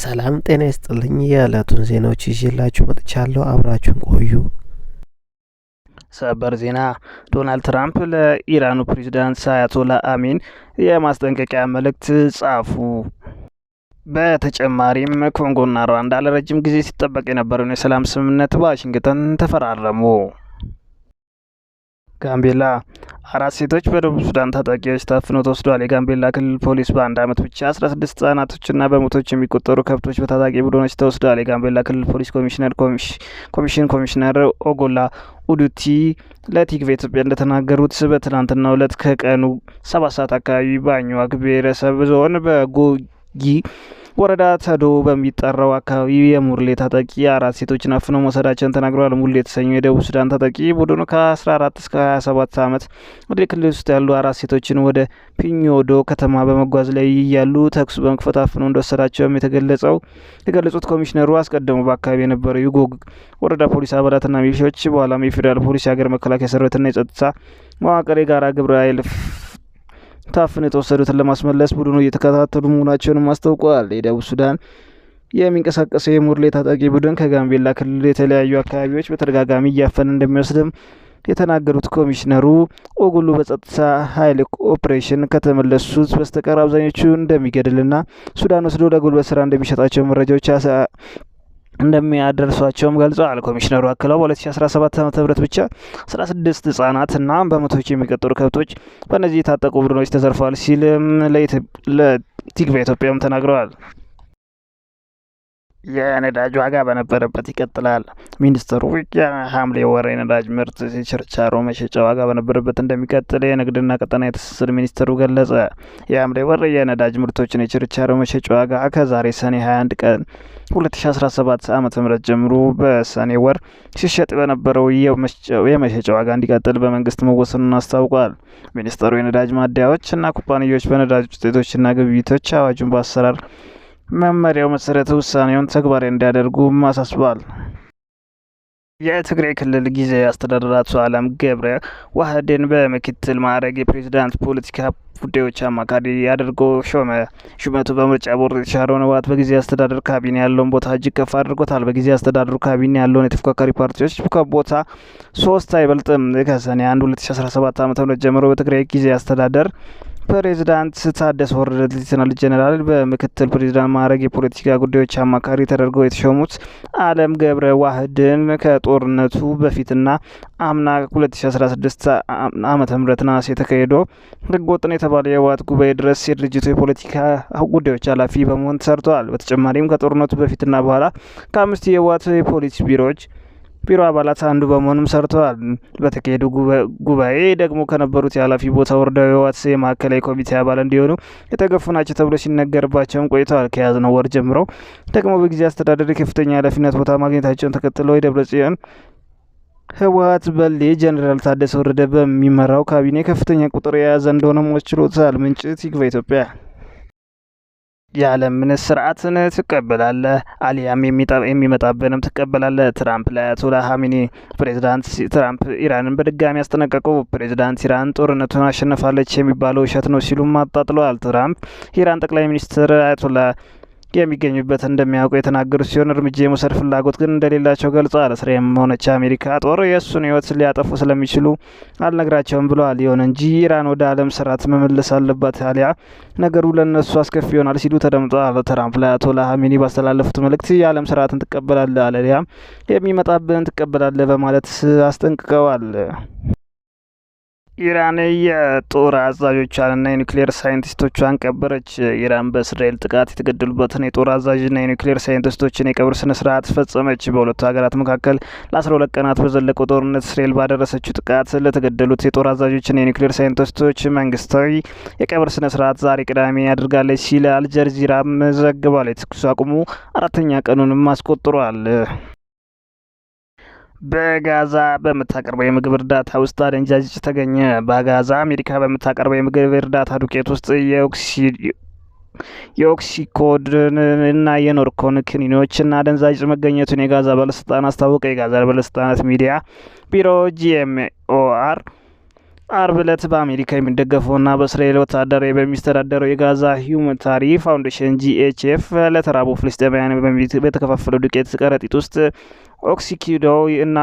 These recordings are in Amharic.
ሰላም ጤና ይስጥልኝ። የዕለቱን ዜናዎች ይዤላችሁ መጥቻለሁ። አብራችሁን ቆዩ። ሰበር ዜና። ዶናልድ ትራምፕ ለኢራኑ ፕሬዚዳንት አያቶላ አሚን የማስጠንቀቂያ መልእክት ጻፉ። በተጨማሪም ኮንጎና ሩዋንዳ ለረጅም ጊዜ ሲጠበቅ የነበረውን የሰላም ስምምነት በዋሽንግተን ተፈራረሙ። ጋምቤላ አራት ሴቶች በደቡብ ሱዳን ታጣቂዎች ታፍነው ተወስደዋል። የጋምቤላ ክልል ፖሊስ በአንድ ዓመት ብቻ አስራ ስድስት ህጻናቶችና በመቶች የሚቆጠሩ ከብቶች በታጣቂ ቡድኖች ተወስደዋል። የጋምቤላ ክልል ፖሊስ ኮሚሽነር ኮሚሽን ኮሚሽነር ኦጎላ ኡዱቲ ለቲግቤ ኢትዮጵያ እንደተናገሩት በትናንትና ሁለት ከቀኑ ሰባት ሰዓት አካባቢ በአኝዋክ ብሔረሰብ ዞን በጎጊ ወረዳ ተዶ በሚጠራው አካባቢ የሙርሌ ታጠቂ አራት ሴቶችን አፍነው መውሰዳቸውን ተናግረዋል። ሙርሌ የተሰኘው የደቡብ ሱዳን ታጠቂ ቡድኑ ከ14 እስከ 27 ዓመት ወደ ክልል ውስጥ ያሉ አራት ሴቶችን ወደ ፒኞዶ ከተማ በመጓዝ ላይ እያሉ ተኩስ በመክፈት አፍነው እንደወሰዳቸውም የተገለጸው የገለጹት ኮሚሽነሩ አስቀድሞ በአካባቢ የነበረው ዩጎግ ወረዳ ፖሊስ አባላትና ሚሊሻዎች በኋላም የፌዴራል ፖሊስ የሀገር መከላከያ ሰራዊትና የጸጥታ መዋቅር የጋራ ግብረ ኃይል ታፍን የተወሰዱትን ለማስመለስ ቡድኑ እየተከታተሉ መሆናቸውንም አስታውቋል። የደቡብ ሱዳን የሚንቀሳቀሰው የሙርሌ ታጣቂ ቡድን ከጋምቤላ ክልል የተለያዩ አካባቢዎች በተደጋጋሚ እያፈነ እንደሚወስድም የተናገሩት ኮሚሽነሩ ኦጉሉ በጸጥታ ኃይል ኦፕሬሽን ከተመለሱት በስተቀር አብዛኞቹ እንደሚገድልና ሱዳን ወስዶ ለጉልበት ስራ እንደሚሸጣቸው መረጃዎች እንደሚያደርሷቸውም ገልጸዋል። ኮሚሽነሩ አክለው በ2017 ዓ ም ብቻ 16 ህጻናት እና በመቶዎች የሚቆጠሩ ከብቶች በእነዚህ የታጠቁ ቡድኖች ተዘርፈዋል ሲልም ለቲክቫህ ኢትዮጵያም ተናግረዋል። የነዳጅ ዋጋ በነበረበት ይቀጥላል። ሚኒስትሩ የሐምሌ ወር የነዳጅ ምርት ችርቻሮ መሸጫ ዋጋ በነበረበት እንደሚቀጥል የንግድና ቀጠና ትስስር ሚኒስትሩ ገለጸ። የሐምሌ ወር የነዳጅ ምርቶችን የችርቻሮ መሸጫ ዋጋ ከዛሬ ሰኔ 21 ቀን 2017 ዓ ም ጀምሮ በሰኔ ወር ሲሸጥ በነበረው የመሸጫ ዋጋ እንዲቀጥል በመንግስት መወሰኑን አስታውቋል። ሚኒስቴሩ የነዳጅ ማደያዎች እና ኩባንያዎች በነዳጅ ውጤቶችና ግብይቶች አዋጁን በአሰራር መመሪያው መሰረት ውሳኔውን ተግባራዊ እንዲያደርጉ አሳስቧል። የትግራይ ክልል ጊዜያዊ አስተዳደር አቶ አለም ገብረ ዋህድን በምክትል ማዕረግ የፕሬዚዳንት ፖለቲካ ጉዳዮች አማካሪ አድርጎ ሾመ። ሹመቱ በምርጫ ቦርድ የተሻረውን ህወሓት በጊዜ አስተዳደር ካቢኔ ያለውን ቦታ እጅግ ከፍ አድርጎታል። በጊዜ አስተዳደሩ ካቢኔ ያለውን የተፎካካሪ ፓርቲዎች ከቦታ ሶስት አይበልጥም። ከሰኔ አንድ 2017 ዓ ም ጀምሮ በትግራይ ጊዜ አስተዳደር ፕሬዚዳንት ታደሰ ወረደ ሌተናል ጄኔራል በምክትል ፕሬዚዳንት ማዕረግ የፖለቲካ ጉዳዮች አማካሪ ተደርገው የተሾሙት አለም ገብረ ዋህድን ከጦርነቱ በፊትና አምና 2016 ዓ ምህረት ናስ የተካሄደው ህገወጥን የተባለ የህወሓት ጉባኤ ድረስ የድርጅቱ የፖለቲካ ጉዳዮች ኃላፊ በመሆን ተሰርተዋል። በተጨማሪም ከጦርነቱ በፊትና በኋላ ከአምስት የህወሓት የፖሊስ ቢሮዎች ቢሮ አባላት አንዱ በመሆኑም ሰርተዋል። በተካሄዱ ጉባኤ ደግሞ ከነበሩት የኃላፊ ቦታ ወርደው የህወሓት የማዕከላዊ ኮሚቴ አባል እንዲሆኑ የተገፉ ናቸው ተብሎ ሲነገርባቸውም ቆይተዋል። ከያዝነው ወር ጀምሮ ደግሞ በጊዜ አስተዳደር ከፍተኛ ኃላፊነት ቦታ ማግኘታቸውን ተከትሎ የደብረ ጽዮን ህወሓት በሌ ጀኔራል ታደሰ ወረደ በሚመራው ካቢኔ ከፍተኛ ቁጥር የያዘ እንደሆነ ሞችሎታል። ምንጭ ቲግቫ ኢትዮጵያ የዓለምን ስርዓትን ትቀበላለህ አሊያም የሚመጣብንም ትቀበላለህ። ትራምፕ ለአያቶላ ሀሚኒ ፕሬዚዳንት ትራምፕ ኢራንን በድጋሚ ያስጠነቀቁ። ፕሬዚዳንት ኢራን ጦርነቱን አሸንፋለች የሚባለው ውሸት ነው ሲሉም አጣጥለዋል። ትራምፕ የኢራን ጠቅላይ ሚኒስትር አያቶላ የሚገኙበት እንደሚያውቁ የተናገሩ ሲሆን እርምጃ የመውሰድ ፍላጎት ግን እንደሌላቸው ገልጸዋል። እስራኤልም ሆነች አሜሪካ ጦር የእሱን ሕይወት ሊያጠፉ ስለሚችሉ አልነግራቸውም ብለዋል። ይሁን እንጂ ኢራን ወደ ዓለም ስርዓት መመለስ አለባት፣ አሊያ ነገሩ ለእነሱ አስከፊ ይሆናል ሲሉ ተደምጠዋል። ትራምፕ ለአያቶላህ ሀሚኒ ባስተላለፉት መልእክት የዓለም ስርዓትን ትቀበላለ አለሊያ የሚመጣብህን ትቀበላለ በማለት አስጠንቅቀዋል። ኢራን የጦር አዛዦቿንና የኒክሌር ሳይንቲስቶቿን ቀበረች። ኢራን በእስራኤል ጥቃት የተገደሉበትን የጦር አዛዥና የኒክሌር ሳይንቲስቶችን የቀብር ስነ ስርዓት ፈጸመች። በሁለቱ ሀገራት መካከል ለ12 ቀናት በዘለቀው ጦርነት እስራኤል ባደረሰችው ጥቃት ለተገደሉት የጦር አዛዦችና የኒክሌር ሳይንቲስቶች መንግስታዊ የቀብር ስነ ስርዓት ዛሬ ቅዳሜ አድርጋለች ሲል አልጀዚራም ዘግባለች። የተኩስ አቁሙ አራተኛ ቀኑንም አስቆጥሯል። በጋዛ በምታቀርበው የምግብ እርዳታ ውስጥ አደንዛዥ እጽ ተገኘ። በጋዛ አሜሪካ በምታቀርበው የምግብ እርዳታ ዱቄት ውስጥ የኦክሲኮድን እና የኖርኮን ክኒኖችና አደንዛዥ እጽ መገኘቱን የጋዛ ባለስልጣን አስታወቀ። የጋዛ ባለስልጣናት ሚዲያ ቢሮ ጂኤምኦአር አርብ ዕለት በአሜሪካ የሚደገፈውና በእስራኤል ወታደራዊ በሚስተዳደረው የጋዛ ሂውማኒታሪ ፋውንዴሽን ጂኤችኤፍ ለተራቡ ፍልስጤማውያን በተከፋፈለው ዱቄት ከረጢት ውስጥ ኦክሲኪዶ እና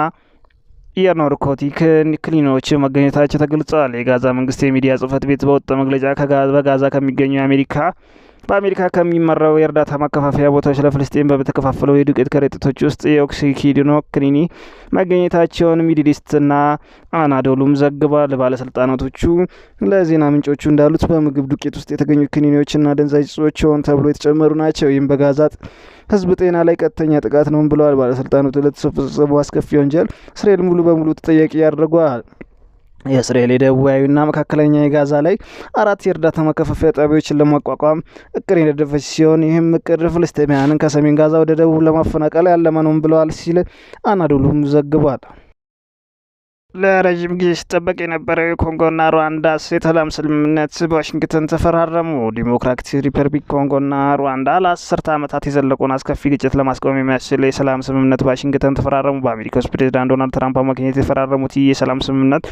የኖርኮቲክ ክሊኖች መገኘታቸው ተገልጿል። የጋዛ መንግስት የሚዲያ ጽህፈት ቤት በወጣ መግለጫ በጋዛ ከሚገኙ የአሜሪካ በአሜሪካ ከሚመራው የእርዳታ ማከፋፈያ ቦታዎች ለፍልስጤን በተከፋፈለው የዱቄት ከረጢቶች ውስጥ የኦክሲኪዲኖ ክኒኒ መገኘታቸውን ሚድሊስትና አናዶሉም ዘግቧል። ባለስልጣናቶቹ ለዜና ምንጮቹ እንዳሉት በምግብ ዱቄት ውስጥ የተገኙ ክኒኒዎችና ደንዛዥ እጾች ሆን ተብሎ የተጨመሩ ናቸው። ይህም በጋዛጥ ህዝብ ጤና ላይ ቀጥተኛ ጥቃት ነው ብለዋል ባለስልጣናቱ። ለተፈጸመው አስከፊ ወንጀል እስራኤል ሙሉ በሙሉ ተጠያቂ ያደርጓል። የእስራኤል የደቡባዊና መካከለኛ የጋዛ ላይ አራት የእርዳታ መከፋፈያ ጣቢያዎችን ለማቋቋም እቅድ የነደፈች ሲሆን ይህም እቅድ ፍልስጤማያንን ከሰሜን ጋዛ ወደ ደቡብ ለማፈናቀል ያለመ ነውም ብለዋል ሲል አናዶሉም ዘግቧል። ለረዥም ጊዜ ሲጠበቅ የነበረው የኮንጎና ሩዋንዳ የሰላም ስምምነት በዋሽንግተን ተፈራረሙ። ዲሞክራቲክ ሪፐብሊክ ኮንጎና ሩዋንዳ ለአስርተ ዓመታት የዘለቁን አስከፊ ግጭት ለማስቆም የሚያስችል የሰላም ስምምነት በዋሽንግተን ተፈራረሙ። በአሜሪካ ውስጥ ፕሬዚዳንት ዶናልድ ትራምፕ አማካኝነት የተፈራረሙት ይህ የሰላም ስምምነት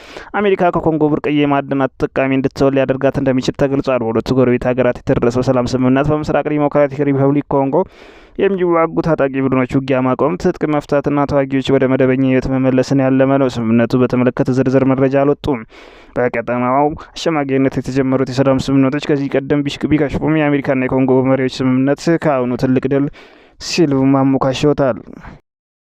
አሜሪካ ከኮንጎ ብርቅዬ ማዕድናት ተጠቃሚ እንድትሆን ሊያደርጋት እንደሚችል ተገልጿል። በሁለቱ ጎረቤት ሀገራት የተደረሰው ሰላም ስምምነት በምስራቅ ዲሞክራቲክ ሪፐብሊክ ኮንጎ የሚዋጉ ታጣቂ ቡድኖች ውጊያ ማቆም፣ ትጥቅ መፍታትና ተዋጊዎች ወደ መደበኛ ህይወት መመለስን ያለመ ነው። ስምምነቱ በተመለከተ ዝርዝር መረጃ አልወጡም። በቀጠናው አሸማጋይነት የተጀመሩት የሰላም ስምምነቶች ከዚህ ቀደም ቢከሽፉም የአሜሪካና የኮንጎ መሪዎች ስምምነት ከአሁኑ ትልቅ ድል ሲሉ ማሞካሸውታል።